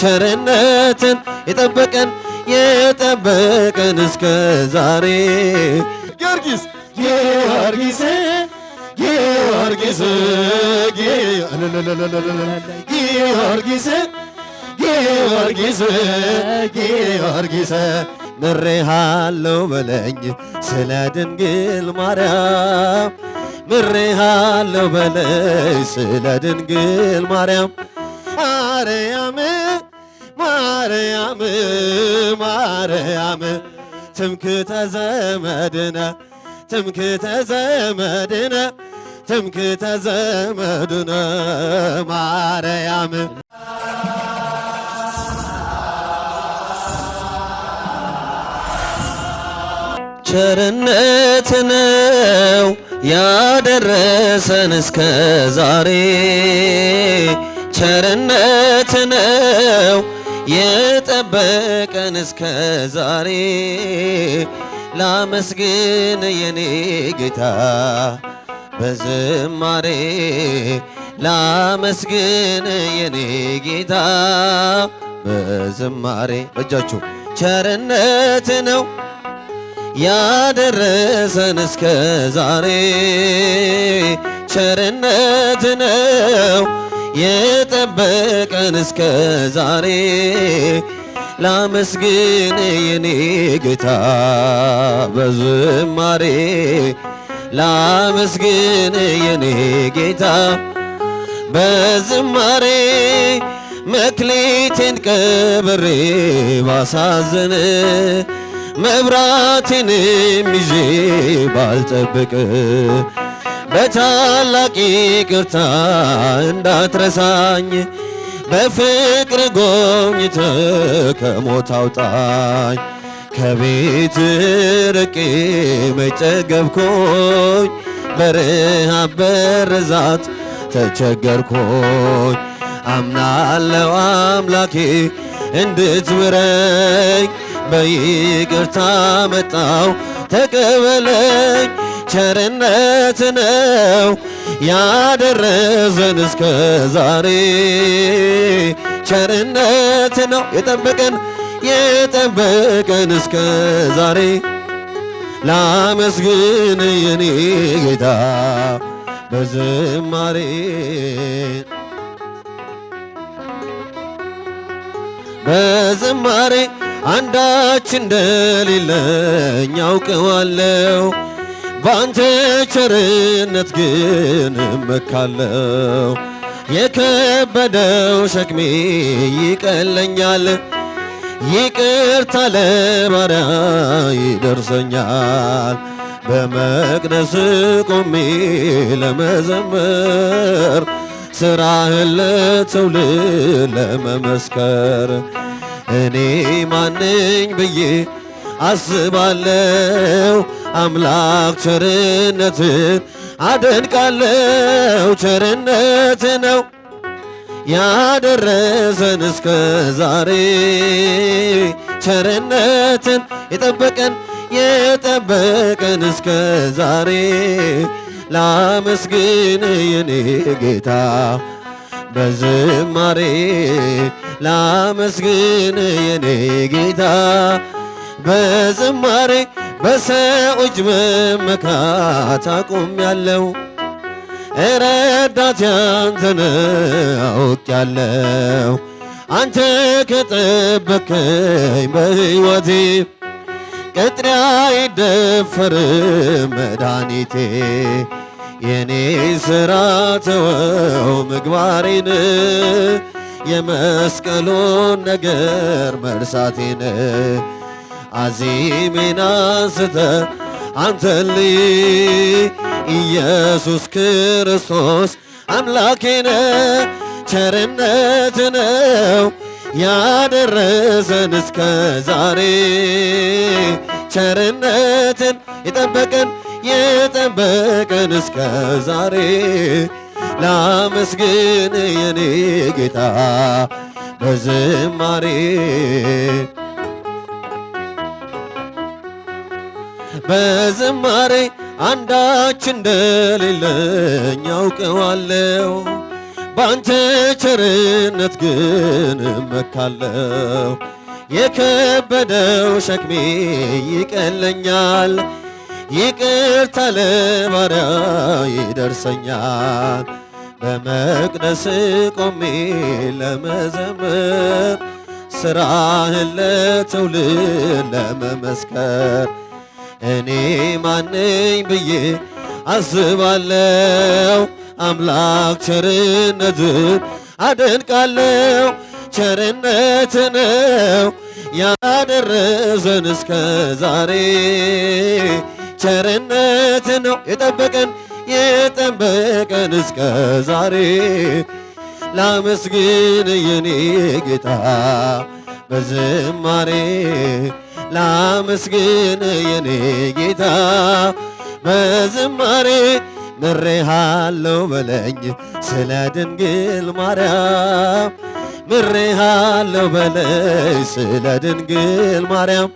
ቸርነትን የጠበቀን የጠበቀን እስከ ዛሬ ጊዮርጊስ ጊዮርጊስ ጊዮርጊስ ጊዮርጊስ ጊዮርጊስ ጊዮርጊስ ምሬሃለው በለኝ ስለ ድንግል ማርያም ምሬሃለው በለኝ ስለ ድንግል ማርያም ማርያም ማርያም ማርያም ትምክተ ዘመድነ ትምክተ ዘመድነ ትምክተ ዘመድነ ማርያም ቸርነት ነው ያደረሰን እስከ ዛሬ ቸርነት ነው ጠበቀን እስከ ዛሬ ላመስግን የኔ ጌታ በዝማሬ ላመስግን የኔ ጌታ በዝማሬ በእጃችሁ ቸርነት ነው ያደረሰን እስከ ዛሬ ቸርነት ነው የጠበቀን እስከ ዛሬ ላመስግን የኔ ጌታ በዝማሬ ላመስግን የኔ ጌታ በዝማሬ መክሊቴን ቀብሬ ባሳዘነ መብራቴንም ይዤ ባልጠብቅ በታላቅ ይቅርታ እንዳትረሳኝ በፍቅር ጎብኝተ ከሞት አውጣኝ ከቤት ርቄ መጨገብኩኝ በረሃ በርዛት ተቸገርኩኝ አምናለው አምላኬ እንድትምረኝ በይቅርታ መጣው ተቀበለኝ ቸርነት ነው ያደረሰን እስከ ዛሬ ቸርነት ነው የጠበቀን የጠበቀን እስከ ዛሬ ላመስግን የኔ ጌታ በዝማሬ በዝማሬ አንዳች እንደሌለኝ አውቀዋለሁ። ባንተ ቸርነት ግን እመካለው የከበደው ሸክሜ ይቀለኛል ይቅርታ ለባሪያ ይደርሰኛል በመቅደስ ቆሜ ለመዘመር ስራህን ለትውልድ ለመመስከር እኔ ማንኝ ብዬ አስባለው አምላክ ቸርነትን አደንቃለው ቸርነት ነው ያደረሰን እስከ ዛሬ ቸርነትን የጠበቀን የጠበቀን እስከ ዛሬ ላመስግን የኔ ጌታ በዝማሬ ላመስግን የኔ ጌታ በዝማሬ በሰው እጅ መመካት አቁሜያለሁ። ረዳቴ አንተን ያለው! አንተ ከጠበከኝ በሕይወቴ ቅጥሬ አይደፈርም መድኃኒቴ። የኔ ሥራ ተወው ምግባሬን የመስቀሉን ነገር መርሳቴን አዚሜን አንስተ አንተል ኢየሱስ ክርስቶስ አምላኬነ ነው ቸርነት ነው ያደረሰን እስከ ዛሬ ቸርነትን የጠበቀን የጠበቀን እስከ ዛሬ ላመስግን የኔ ጌታ በዝማሬ በዝማሬ አንዳች እንደሌለኝ አውቀዋለሁ። ባንተ ቸርነት ግን እመካለሁ። የከበደው ሸክሜ ይቀለኛል። ይቅርታ ለባሪያ ይደርሰኛል። በመቅደስ ቆሜ ለመዘመር ስራህን ለትውልድ ለመመስከር እኔ ማነኝ ብዬ አስባለው። አምላክ ቸርነት አደንቃለው። ቸርነት ነው ያደረሰን እስከ ዛሬ ቸርነት ነው የጠበቀን የጠበቀን እስከ ዛሬ ላመስግን የኔ ጌታ በዝማሬ ላመስግን የኔ ጌታ በዝማሬ ምሬሃለው በለኝ ስለ ድንግል ማርያም ምሬሃለው በለኝ ስለ ድንግል ማርያም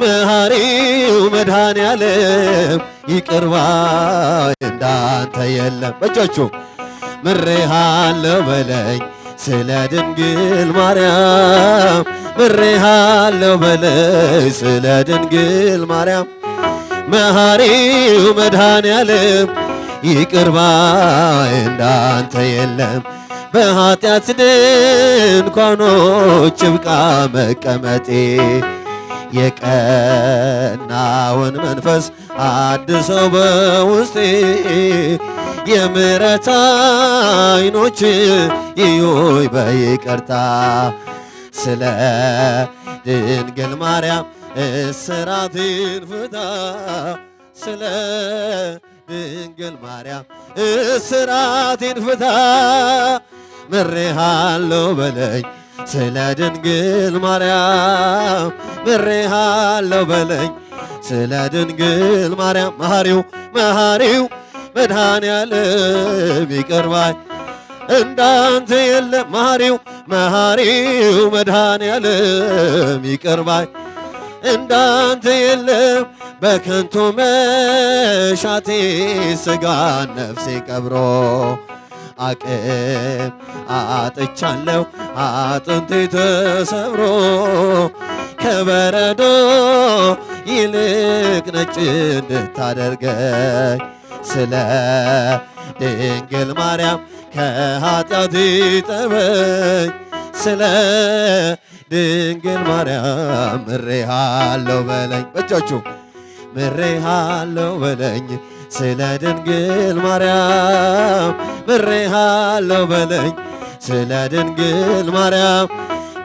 መሐሪው መድኃኔ ዓለም ይቅርባይ እንዳንተ የለም በእጃችሁ ምሬሃለው በለኝ ስለ ድንግል ማርያም ምሬሃለሁ በለይ ስለ ድንግል ማርያም መሐሪው መድኃኔዓለም ይቅር ባይ እንዳንተ የለም። በኃጢአት ድንኳኖች ይብቃ መቀመጤ የቀናውን መንፈስ አድሰው በውስጤ የምሕረት አይኖች ይዩኝ በይቅርታ ስለ ድንግል ማርያም እስራቴን ፍታ፣ ስለ ድንግል ማርያም እስራቴን ፍታ፣ ምሬሃለው በለኝ ስለ ድንግል ማርያም ምሬሃለው በለኝ ስለ ድንግል ማርያም መሐሪው መሐሪው መድኃኔዓለም ይቅር ባይ እንዳንተ የለም መሐሪው መሐሪው መድኃኔዓለም ይቅር ባይ እንዳንተ የለም በከንቱ መሻቴ ስጋ ነፍሴ ቀብሮ አቅም አጥቻለሁ አጥንቴ ተሰብሮ ከበረዶ ይልቅ ነጭ እንድታደርገኝ ስለ ድንግል ማርያም ከኃጢአቴ ጠበኝ ስለ ድንግል ማርያም ምሬሃለው በለኝ በእጃችሁ ምሬሃለው በለኝ ስለ ድንግል ማርያም ምሬሃለው በለኝ ስለ ድንግል ማርያም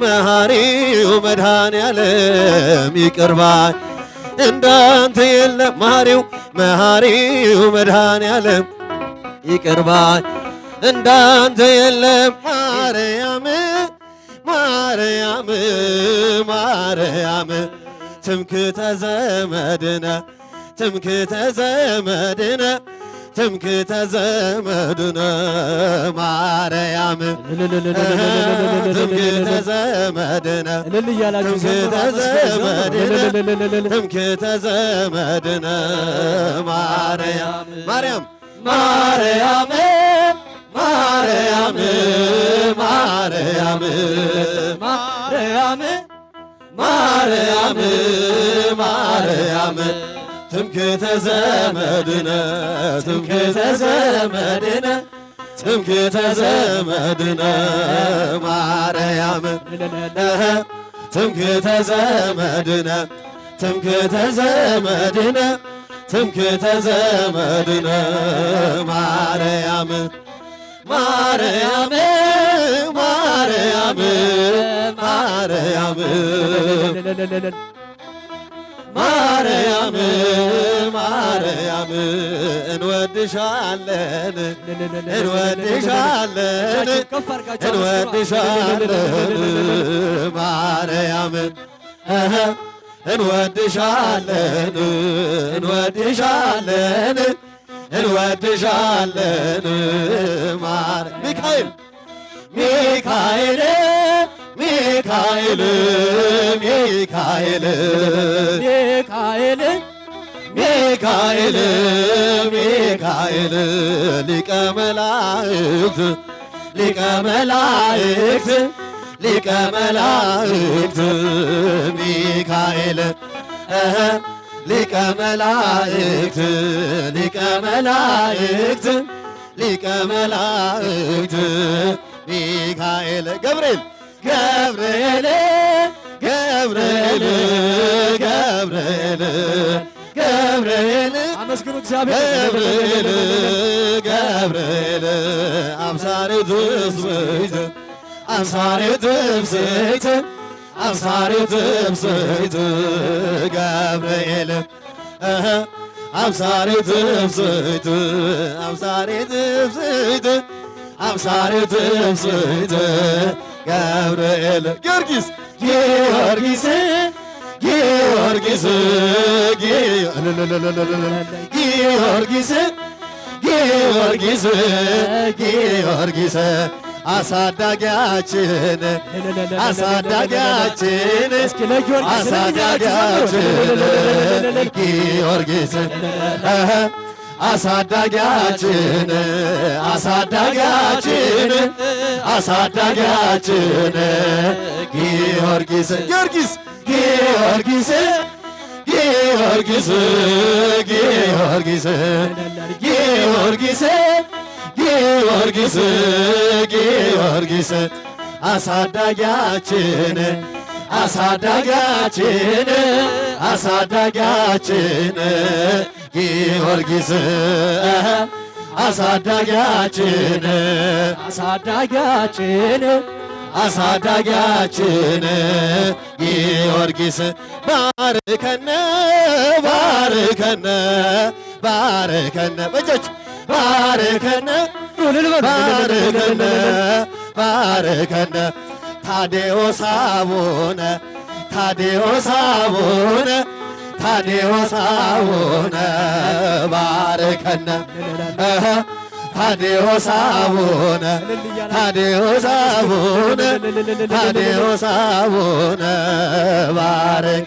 መሐሪው መድኃኔዓለም ይቅር ባይ እንዳንተ የለም መሐሪው መሐሪው መድኃኔዓለም ይቅርባል እንዳንተ የለም ማርያም ማርያም ማርያም ትምክተ ዘመድነ ትምክተ ዘመድነ ትምክተ ዘመድነ ማርያም ትምክተ ዘመድነ ትምክተ ዘመድነ ማርያም ማርያም ማርያም ማርያም ማርያም ማርያም ማርያም ትምክህተ ዘመድነ ትምክህተ ዘመድነ ትምክህተ ዘመድነ ማርያም ትምክህተ ዘመድነ ትምክህተ ዘመድነ ትምክህተ ዘመድነ ማርያም ማርያም ማርያም ማርያም ማርያም ማርያም እንወድሻለን እንወድሻለን እንወድሻለን ማርያም እንወድሻለን እንወድሻለን እንወድሻለን ማር ሚካኤል ሚካኤል ሚካኤል ሚካኤል ሚካኤል ሚካኤል ሚካኤል ሊቀ መላእክት ሊቀ መላእክት ሊቀ መላእክት ሚካኤል ሊቀ መላእክት ሊቀ መላእክት ሊቀ መላእክት ሚካኤል ገብርኤል ገብርኤል ገብርኤል ገብርኤል ገብርኤል አመስግኑ እግዚአብሔር ገብርኤል ገብርኤል አብሳሪ አብሳሪትም ስት አብሳሪትም ስት ገብርኤል አብሳሪትም ስት አብሳሪትም ስት አብሳሪትም ስት ገብርኤል ጊዮርጊስ ጊዮርጊስ ጊዮርጊስ ጊዮርጊስ ጊዮርጊስ ጊዮርጊስ አሳዳጊያችንን አሳዳጊያችንን አሳዳጊያችንን ጊዮርጊስን አሳዳጊያችን አሳዳጊያችን አሳዳጊያችን ጊዮርጊስ ጊዮርጊስ ጊዮርጊስ ጊዮርጊስ ጊዮርጊስ ጊዮርጊስ ጊዮርጊስ ጊዮርጊስ አሳዳጊያችን አሳዳጊያችን አሳዳጊያችን ጊዮርጊስ አሳዳጊያችን አሳዳጊያችን አሳዳጊያችን ጊዮርጊስ ባርከነ ባርከነ ባርከነ በእጃችሁ ባረከነ ባረከነ ባረከነ ታዴዎስ አቡነ ታዴዎስ አቡነ ታዴዎስ አቡነ ባረከነ ታዴዎስ አቡነ ታዴዎስ አቡነ ታዴዎስ አቡነ ባርከ